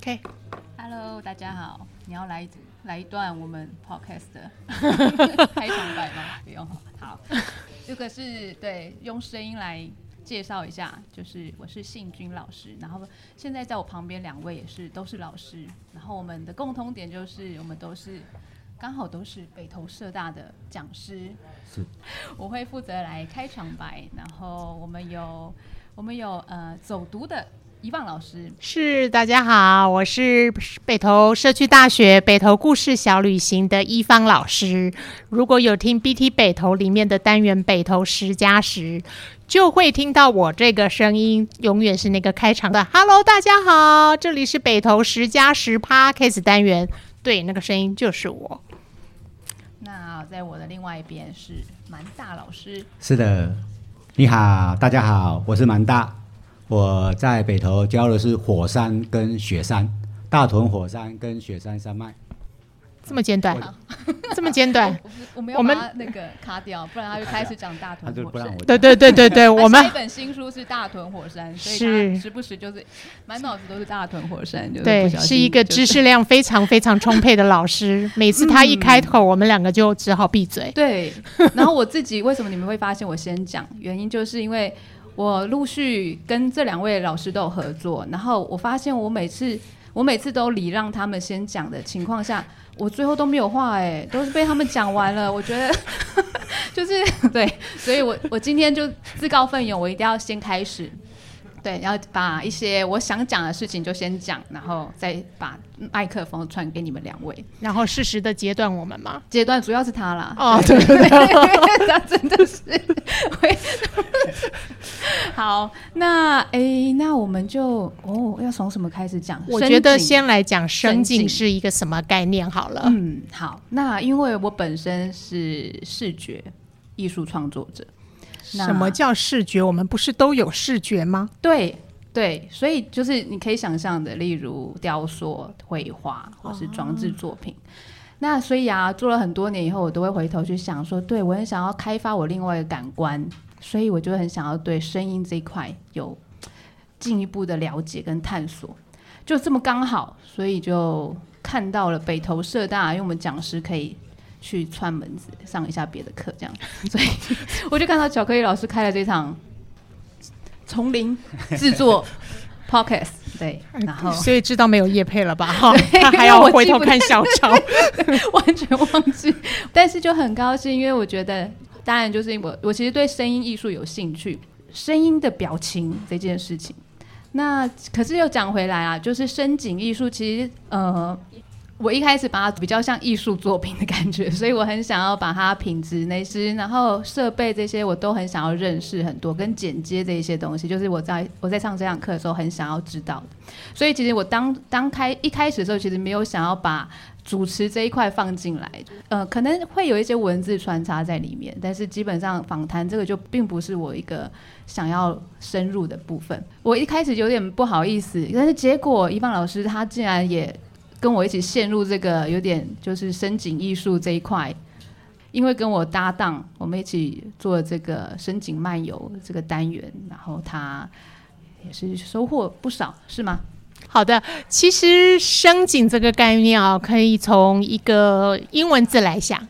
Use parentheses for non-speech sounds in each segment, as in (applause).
OK，Hello，okay. 大家好。你要來來一段我們 Podcast 的 (laughs) 開場白嗎？不用。好，這個是對用聲音來介紹一下，就是我是幸君老師，然後現在在我旁邊兩位也是都是老師，然後我們的共同點就是我們都是剛好都是北投社大的講師。是，我會負責來開場白，然後我們有我們有呃走讀的。伊芳老師是，大家好，我是北投社區大學北投故事小旅行的伊芳老師。如果有聽 BT 北投裡面的單元北投十加十，就會聽到我這個聲音，永遠是那個開場的 Hello, 大家好，這裡是北投十加十 Podcast 單元”，對，那個聲音就是我。那在我的另外一邊是蠻大老師，是的，你好，大家好，我是蠻大。我在北投教的是火山跟雪山，大屯火山跟雪山山脈。這麼簡短，啊啊、這麼簡短。啊、我們那個卡掉，不然他就開始講大屯、啊、對對對對 (laughs) 我們他、啊、一本新書是大屯火山，所以他時不時就是滿腦子都是大屯火山，就是就是。對，是一個知識量非常非常充沛的老師。 (laughs) 每次他一開口， (laughs) 我們兩個就只好閉嘴。對，然後我自己 (laughs) 為什麼你們會發現我先講？原因就是因為。我陸續跟這兩位老師都有合作，然後我發現我每次我每次都禮讓他們先講的情況下，我最後都沒有話誒、欸，都是被他們講完了。 (laughs) 我覺得 (laughs) 就是對，所以我我今天就自告奮勇，我一定要先開始。對，要把一些我想講的事情就先講，然後再把麥克風傳給你們兩位，然後適時的截斷我們嘛。截斷主要是他啦。哦，對 (laughs) 對對，對，他真的是。 (laughs) (laughs) (laughs) 好，那哎、欸，那我們就哦，要從什麼開始講？我覺得先來講聲景，聲景是一個什麼概念好了。嗯，好，那因為我本身是視覺藝術創作者。什麼叫視覺？我們不是都有視覺嗎？對對，所以就是你可以想象的，例如雕塑、繪畫或是裝置作品。哦、那所以啊，做了很多年以後，我都會回頭去想說，對，我很想要開發我另外一個感官，所以我就很想要對聲音這一塊有進一步的了解跟探索。就這麼剛好，所以就看到了北投社大，因為我們講師可以。去串門子，上一下別的課，這樣， (laughs) 所以我就看到巧克力老師開了這場叢林製作 (laughs) Podcast 對，然後所以知道沒有業配了吧？哈， (laughs) 他還要回頭看小喬， (laughs) (laughs) 完全忘記。但是就很高興，因為我覺得，當然就是我，我其實對聲音藝術有興趣，聲音的表情這件事情。那可是又講回來啊，就是聲景藝術其實，呃。我一開始把它比較像藝術作品的感覺，所以我很想要把它品質那些，然後設備這些，我都很想要認識很多，跟剪接這一些東西，就是我在我在上這堂課的時候很想要知道的。所以其實我當當開一開始的時候，其實沒有想要把主持這一塊放進來，呃，可能會有一些文字穿插在裡面，但是基本上訪談這個就並不是我一個想要深入的部分。我一開始有點不好意思，但是結果伊芳老師他竟然也。跟我一起陷入這個有點就是聲景藝術這一塊，因為跟我搭檔，我們一起做這個聲景漫遊這個單元，然後他也是收穫不少，是嗎？好的，其實聲景這個概念啊，可以從一個英文字來想，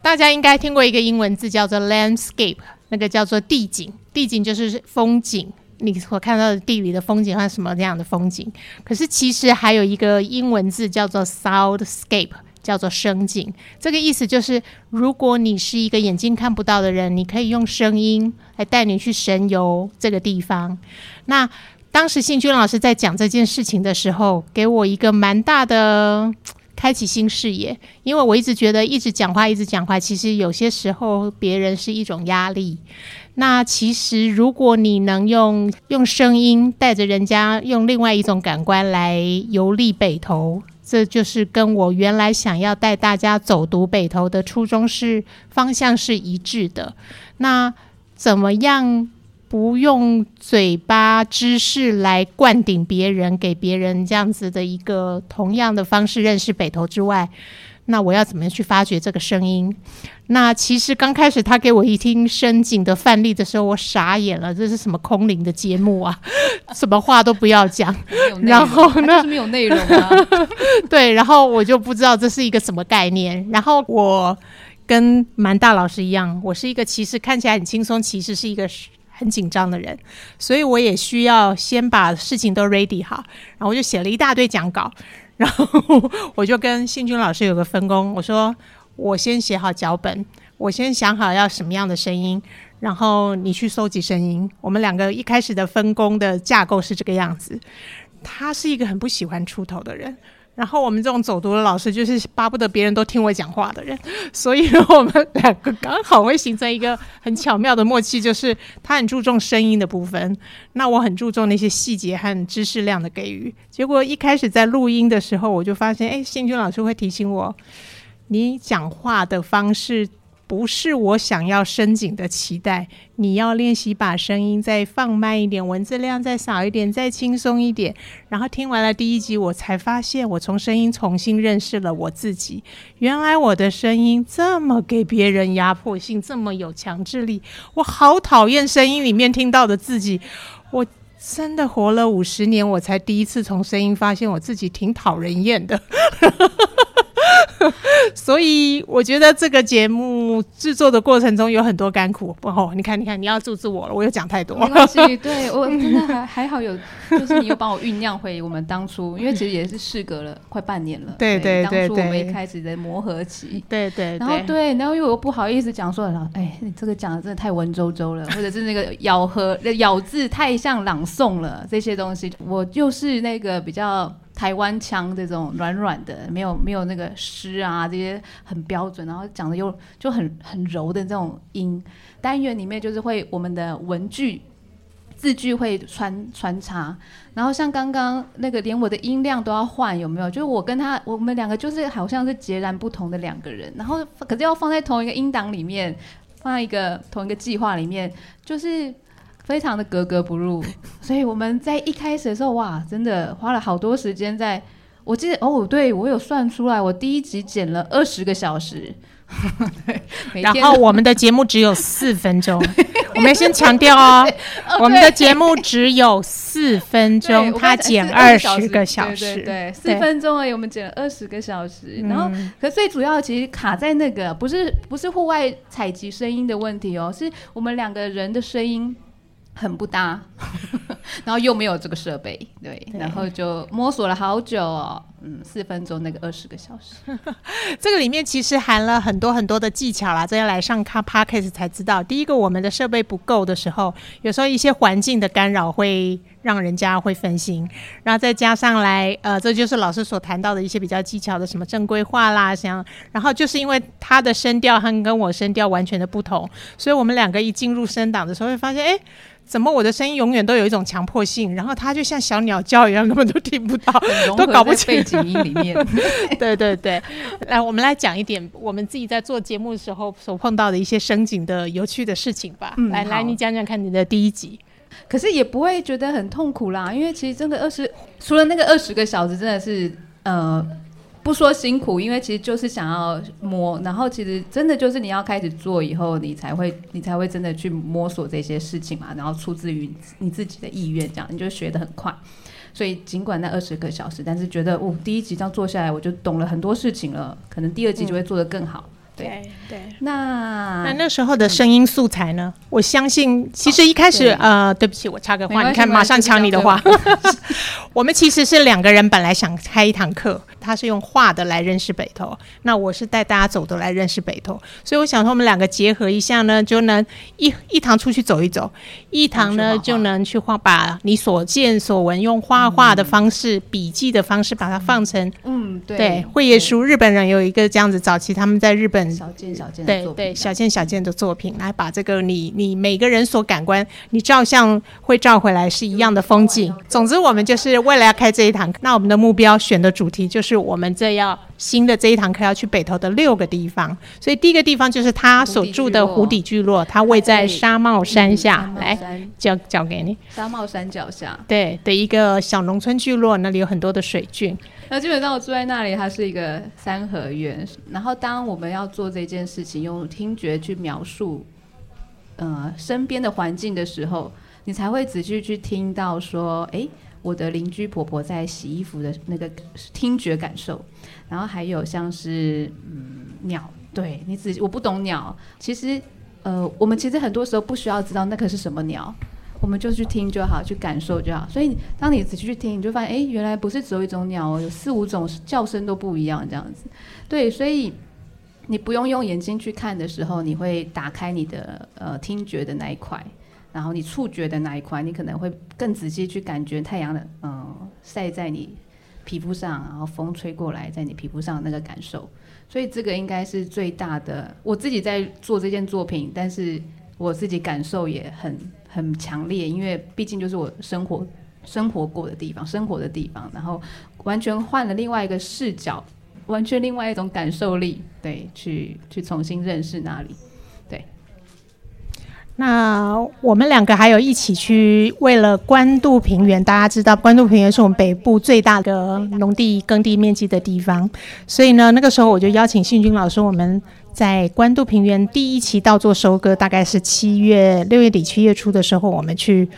大家應該聽過一個英文字叫做 landscape，那個叫做地景，地景就是風景。你所看到的地理的風景或什麼那樣的風景，可是其實還有一個英文字叫做 soundscape，叫做聲景。這個意思就是，如果你是一個眼睛看不到的人，你可以用聲音來帶你去神遊這個地方。那當時幸君老師在講這件事情的時候，給我一個蠻大的開啟新視野，因為我一直覺得一直講話一直講話，其實有些時候別人是一種壓力。那其實，如果你能用用聲音帶着人家用另外一種感官來遊歷北投，這就是跟我原來想要帶大家走讀北投的初衷是方向是一致的。那怎麼樣不用嘴巴知識來灌頂別人，給別人這樣子的一個同樣的方式認識北投之外？那我要怎麼樣去發掘這個聲音？那其實剛開始他給我一聽聲景的範例的時候，我傻眼了，這是什麼空靈的節目啊？ (laughs) 什麼話都不要講，然後呢？是沒有內容啊。 (laughs) 對，然後我就不知道這是一個什麼概念。然後我跟蠻大老師一樣，我是一個其實看起來很輕鬆，其實是一個很緊張的人，所以我也需要先把事情都 ready 好，然後我就寫了一大堆講稿。然後我就跟信君老師有個分工，我說我先寫好腳本，我先想好要什麼樣的聲音，然後你去搜集聲音。我們兩個一開始的分工的架構是這個樣子。他是一個很不喜歡出頭的人。然後我們這種走讀的老師就是巴不得別人都聽我講話的人，所以我們兩個剛好會形成一個很巧妙的默契，就是他很注重聲音的部分，那我很注重那些細節和知識量的給予。結果一開始在錄音的時候，我就發現，哎，幸君老師會提醒我，你講話的方式。不是我想要聲景的期待。你要練習把聲音再放慢一點，文字量再少一點，再輕鬆一點。然後聽完了第一集，我才發現，我從聲音重新認識了我自己。原來我的聲音這麼給別人壓迫性，這麼有強制力，我好討厭聲音裡面聽到的自己。我真的活了五十年，我才第一次從聲音發現我自己挺討人厭的。 (laughs) (laughs) 所以我覺得這個節目制作的過程中有很多甘苦。然、哦、你看，你看，你要注視我了，我又講太多沒關係。對，我真的還 (laughs) 還好有，就是你又幫我醞釀回我們當初， (laughs) 因為其實也是事隔了 (laughs) 快半年了。對對對、對當初我們一開始在磨合期。對對、對。然後對，然後又我不好意思講說，哎，你這個講的真的太文縐縐了，或者是那個咬合 (laughs) 咬字太像朗誦了這些東西。我就是那個比較。台灣腔這種軟軟的，沒有沒有那個詩啊，這些很標準，然後講的又就很很柔的這種音。單元裡面就是會我們的文句字句會穿穿插，然後像剛剛那個連我的音量都要換，有沒有？就我跟他我們兩個就是好像是截然不同的兩個人，然後可是要放在同一個音檔裡面，放在一個同一個計劃裡面，就是。非常的格格不入，所以我們在一開始的時候，哇，真的花了好多時間在。我記得哦，對，我有算出來，我第一集剪了二十個小時， (laughs) 然後我們的節目只有四分鐘， (laughs) 我們先強調哦， (laughs) 我們的節目只有四分鐘，它 (laughs) 剪二十個小時，對，四分鐘而已，我們剪了二十個小時，對。然後，可最主要其實卡在那個不是不是戶外採集聲音的問題哦，是我們兩個人的聲音。很不搭，然後又沒有這個設備，對，對，然後就摸索了好久哦，嗯，四分鐘那個二十個小時，這個裡面其實含了很多很多的技巧啦，這要來上卡 p 開始 a 才知道。第一個，我們的設備不夠的時候，有時候一些環境的干擾會讓人家會分心，然後再加上來，呃，這就是老師所談到的一些比較技巧的什麼正規化啦，像，然後就是因為他的聲調和跟我聲調完全的不同，所以我們兩個一進入聲檔的時候會發現，哎。怎麼我的聲音永遠都有一種強迫性，然後他就像小鳥叫一樣，根本都聽不到，都搞不清楚背景音裡面。 (laughs) 對對對， (laughs) 來，我們來講一點我們自己在做節目的時候所碰到的一些聲景的有趣的事情吧。嗯、來來，你講講看你的第一集，可是也不會覺得很痛苦啦，因為其實真的二十，除了那個二十個小時，真的是呃。不說辛苦，因為其實就是想要摸，然後其實真的就是你要開始做以後，你才會你才會真的去摸索這些事情嘛，然後出自於你自己的意願，這樣你就學得很快。所以儘管那二十個小時，但是覺得哦，第一集這樣做下來，我就懂了很多事情了，可能第二集就會做得更好。嗯對對，那那那時候的聲音素材呢、嗯？我相信其實一開始、哦，呃，對不起，我插個話，你看馬上搶你的話。我， (laughs) (laughs) 我們其實是兩個人，本來想開一堂課，他是用畫的來認識北投，那我是帶大家走的來認識北投。所以我想說我們兩個結合一下呢，就能一一堂出去走一走，一堂呢就能去畫，把你所見所聞用畫畫的方式、嗯、筆記的方式把它放成，嗯，對，繪葉書。日本人有一個這樣子，早期他們在日本。小件小件的對，對對，小件小件的作品，來把這個你你每個人所感官，你照相會照回來是一樣的風景。總之，我們就是為了要開這一堂課，那我們的目標選的主題就是我們這要新的這一堂課要去北投的六個地方，所以第一個地方就是他所住的湖底聚落，他位在紗帽山下來，交交給你。紗帽山腳下對的一個小農村聚落，那裡有很多的水圳那基本上我住在那裡，它是一個三合院。然後當我們要做這件事情，用聽覺去描述，呃身邊的環境的時候，你才會仔細去聽到說，誒、欸，我的鄰居婆婆在洗衣服的那個聽覺感受。然後還有像是嗯鳥，對，你仔細，我不懂鳥。其實呃，我們其實很多時候不需要知道那個是什麼鳥。我們就去聽就好，去感受就好。所以，當你仔細去聽，你就發現，哎，原來不是只有一種鳥哦，有四五種叫聲都不一樣這樣子。對，所以你不用用眼睛去看的時候，你會打開你的呃聽覺的那一塊，然後你觸覺的那一塊，你可能會更仔細去感覺太陽的嗯、呃、曬在你皮膚上，然後風吹過來在你皮膚上那個感受。所以這個應該是最大的。我自己在做這件作品，但是我自己感受也很。很強烈，因為畢竟就是我生活、生活過的地方，生活的地方，然後完全換了另外一個視角，完全另外一種感受力，對，去去重新認識那裡，對。那我們兩個還有一起去為了關渡平原，大家知道關渡平原是我們北部最大的農地、耕地面積的地方，所以呢，那個時候我就邀請幸君老師，我們。在關渡平原第一期稻作收割大概是七月六月底，七月初的時候，我們去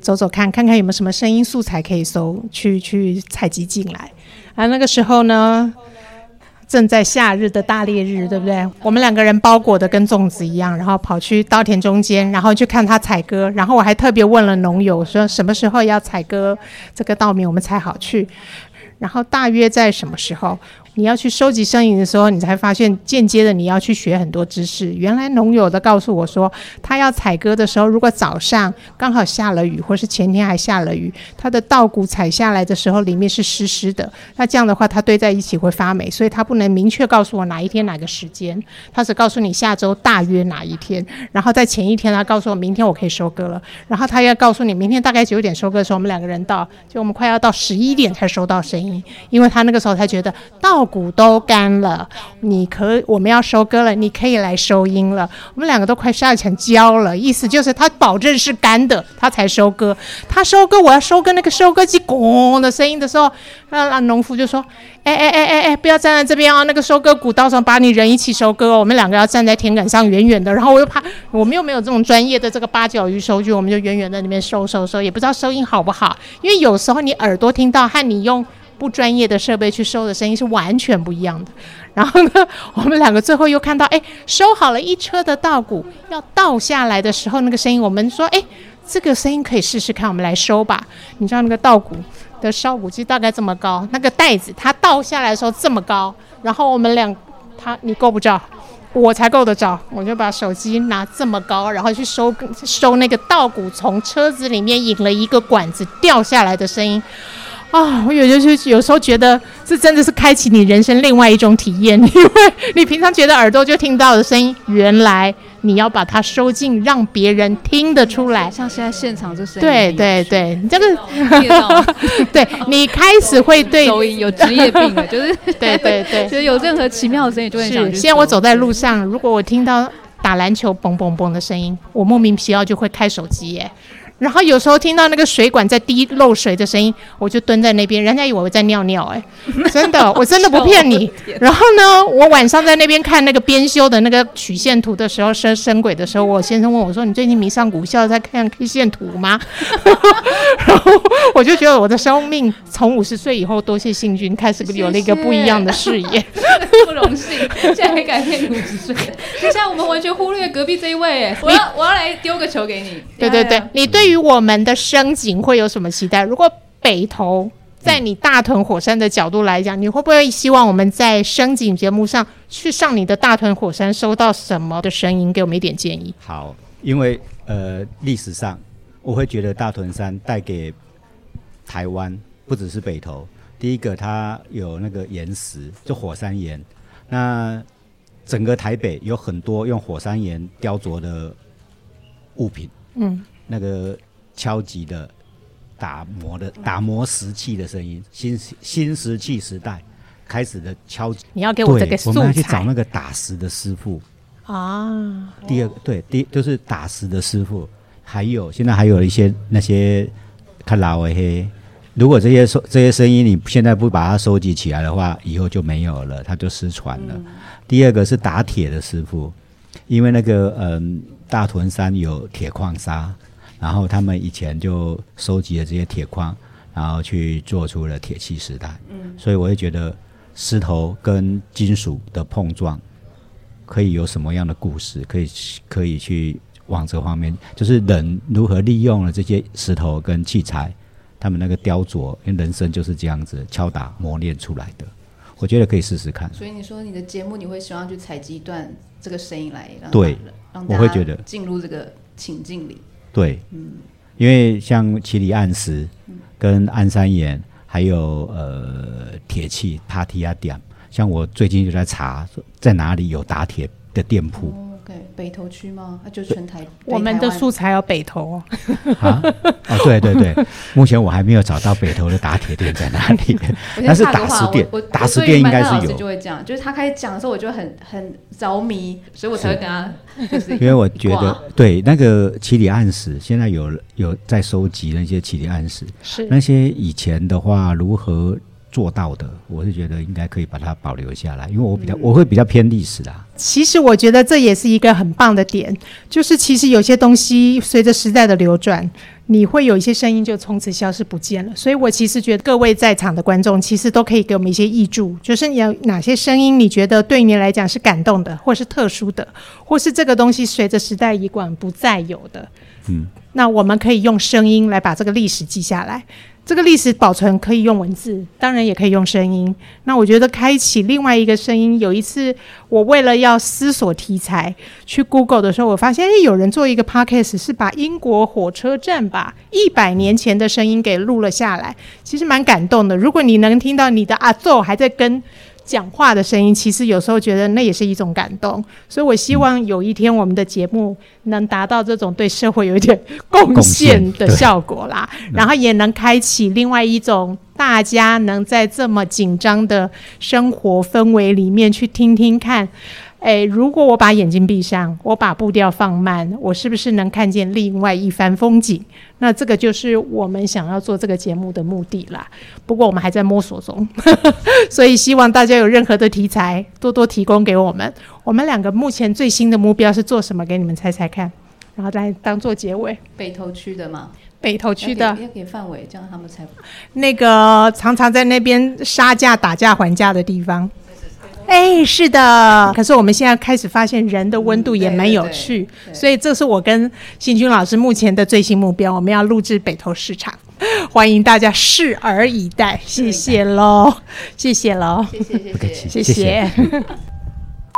走走看看看有沒有什麼聲音素材可以收，去去採集進來。啊，那個時候呢，正在夏日的大烈日，對不對？我們兩個人包裹得跟粽子一樣，然後跑去稻田中間，然後去看他採割。然後我還特別問了農友，說什麼時候要採割這個稻米，我們才好去。然後大約在什麼時候？你要去收集聲音的時候，你才發現間接的你要去學很多知識。原來農友的告訴我說，他要採割的時候，如果早上剛好下了雨，或是前天還下了雨，他的稻穀採下來的時候裡面是濕濕的，那這樣的話它堆在一起會發霉，所以他不能明確告訴我哪一天哪個時間，他只告訴你下周大約哪一天，然後在前一天他告訴我明天我可以收割了，然後他要告訴你明天大概九點收割的時候，我們兩個人到，就我們快要到十一點才收到聲音，因為他那個時候才覺得稻。穀都乾了，你可以，我們要收割了，你可以來收音了。我們兩個都快曬成焦了，意思就是他保證是乾的，他才收割。他收割，我要收割那個收割機咣的聲音的時候，那農夫就說：“哎哎哎哎哎，不要站在這邊啊，那個收割穀到時候把你人一起收割，我們兩個要站在田埂上遠遠的，然後我又怕我們又沒有這種專業的這個八角魚收據，我們就遠遠的那邊收收收，也不知道收音好不好，因為有時候你耳朵聽到和你用。不專業的設備去收的聲音是完全不一樣的。然後呢，我們兩個最後又看到，哎、欸，收好了一車的稻穀，要倒下來的時候，那個聲音，我們說，哎、欸，這個聲音可以試試看，我們來收吧。你知道那個稻穀的燒穀機大概這麼高，那個袋子它倒下來的時候這麼高。然後我們倆，他你夠不着，我才夠得着，我就把手機拿這麼高，然後去收收那個稻穀，從車子裡面引了一個管子掉下來的聲音。啊、哦，我有是有,有時候覺得，這真的是開啟你人生另外一種體驗，因為你平常覺得耳朵就聽到的聲音，原來你要把它收進，讓別人聽得出來。像現在現場這聲音。對對對，這個， (laughs) 對，你開始會對有職業病的就是 (laughs) 對,對對對，覺得有任何奇妙的聲音就會想。現在我走在路上，如果我聽到打籃球嘣嘣嘣的聲音，我莫名其妙就會開手機耶、欸。然後有時候聽到那個水管在滴漏水的聲音，我就蹲在那邊，人家以為我在尿尿、欸，哎，真的，我真的不騙你。然後呢，我晚上在那邊看那個編修的那個曲線圖的時候，升升軌的時候，我先生問我說：“你最近迷上股票在看 K 線圖嗎？” (laughs) (laughs) 然後我就覺得我的生命從五十歲以後，多謝幸君，開始有了一個不一樣的視野，謝謝 (laughs) 不榮幸，現在還改變你五十歲。現在我們完全忽略隔壁這一位、欸，哎，我要我要來丟個球給你。對對對，哎、你對。對於我們的聲景會有什麼期待？如果北投在你大屯火山的角度來講，嗯，你會不會希望我們在聲景節目上去上你的大屯火山，收到什麼的聲音？給我們一點建議。好，因為呃，歷史上我會覺得大屯山帶給台灣不只是北投，第一個它有那個岩石，就火山岩。那整個台北有很多用火山岩雕琢的物品。嗯。那個敲擊的、打磨的、打磨石器的聲音，新新石器時代開始的敲擊。你要給我這個素材。我們要去找那個打石的師傅啊。第二個對，第就是打石的師傅，還有現在還有一些那些卡拉維黑。如果這些收這些聲音，你現在不把它收集起來的話，以後就沒有了，它就失傳了。第二個是打鐵的師傅，因為那個嗯大屯山有鐵礦砂。然後他們以前就收集了這些鐵礦，然後去做出了鐵器時代。嗯，所以我會覺得石頭跟金屬的碰撞可以有什麼樣的故事？可以可以去往這方面，就是人如何利用了這些石頭跟器材，他們那個雕琢，因為人生就是這樣子敲打磨練出來的。我覺得可以試試看。所以你說你的節目，你會希望去採集一段這個聲音來，讓對，讓大家進入這個情境裡。對、嗯，因為像唭哩岸石，跟安山岩，還有呃鐵器、帕提亞點，像我最近就在查，在哪裡有打鐵的店鋪。嗯嗯北投區嗎？啊，就全台。我們的素材有北投哦。啊，哦，對對對， (laughs) 目前我還沒有找到北投的打鐵店在哪裡。 (laughs) 但是打石店，打石店應該是有就。所以每次老師就會這樣，就是他開始講的時候，我就很很着迷，所以我才會跟他，就是因為我覺得對那個起底暗室，現在有有在收集那些起底暗室，那些以前的話如何。做到的，我是覺得應該可以把它保留下來，因為我比較，嗯、我會比較偏歷史的。啊，其實我覺得這也是一個很棒的點，就是其實有些東西隨着時代的流轉，你會有一些聲音就從此消失不見了。所以我其實覺得各位在場的觀眾，其實都可以給我們一些挹注，就是有哪些聲音你覺得對你來講是感動的，或是特殊的，或是這個東西隨着時代已管，不再有的，嗯，那我們可以用聲音來把這個歷史記下來。這個歷史保存可以用文字，當然也可以用聲音。那我覺得開啟另外一個聲音。有一次，我為了要思索題材去 Google 的時候，我發現，誒，有人做一個 podcast 是把英國火車站吧一百年前的聲音給錄了下來，其實蠻感動的。如果你能聽到你的阿祖還在跟。講話的聲音，其實有時候覺得那也是一種感動，所以我希望有一天我們的節目能達到這種對社會有一點貢獻的效果啦，嗯、然後也能開啟另外一種大家能在這麼緊張的生活氛圍裡面去聽聽看，誒、哎，如果我把眼睛閉上，我把步調放慢，我是不是能看見另外一番風景？那這個就是我們想要做這個節目的目的啦。不過我們還在摸索中，呵呵，所以希望大家有任何的題材，多多提供給我們。我們兩個目前最新的目標是做什麼？給你們猜猜看，然後再當做結尾。北投區的嗎？北投區的要給範圍，這樣他們才那個常常在那邊殺價、打架、還價的地方。哎，是的，可是我們現在開始發現人的溫度也蠻有趣，嗯、對對對，所以這是我跟幸君老師目前的最新目標，我們要錄製北投市場，歡迎大家拭目以待，謝謝嘍，謝謝嘍，謝謝，不客氣，謝謝。謝謝 (laughs)